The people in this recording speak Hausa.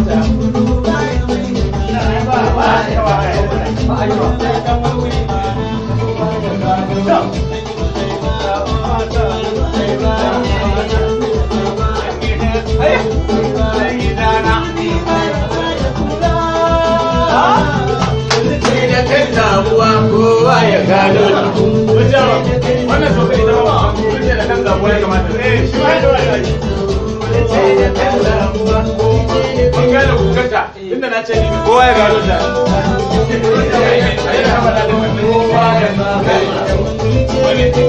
Wannan so kai zama ba a kuma da kan gabuwa ya kamata. Eh, shi ma ya dora da shi. ganta inda na ce kowa ya gano ta kowa ya gano ta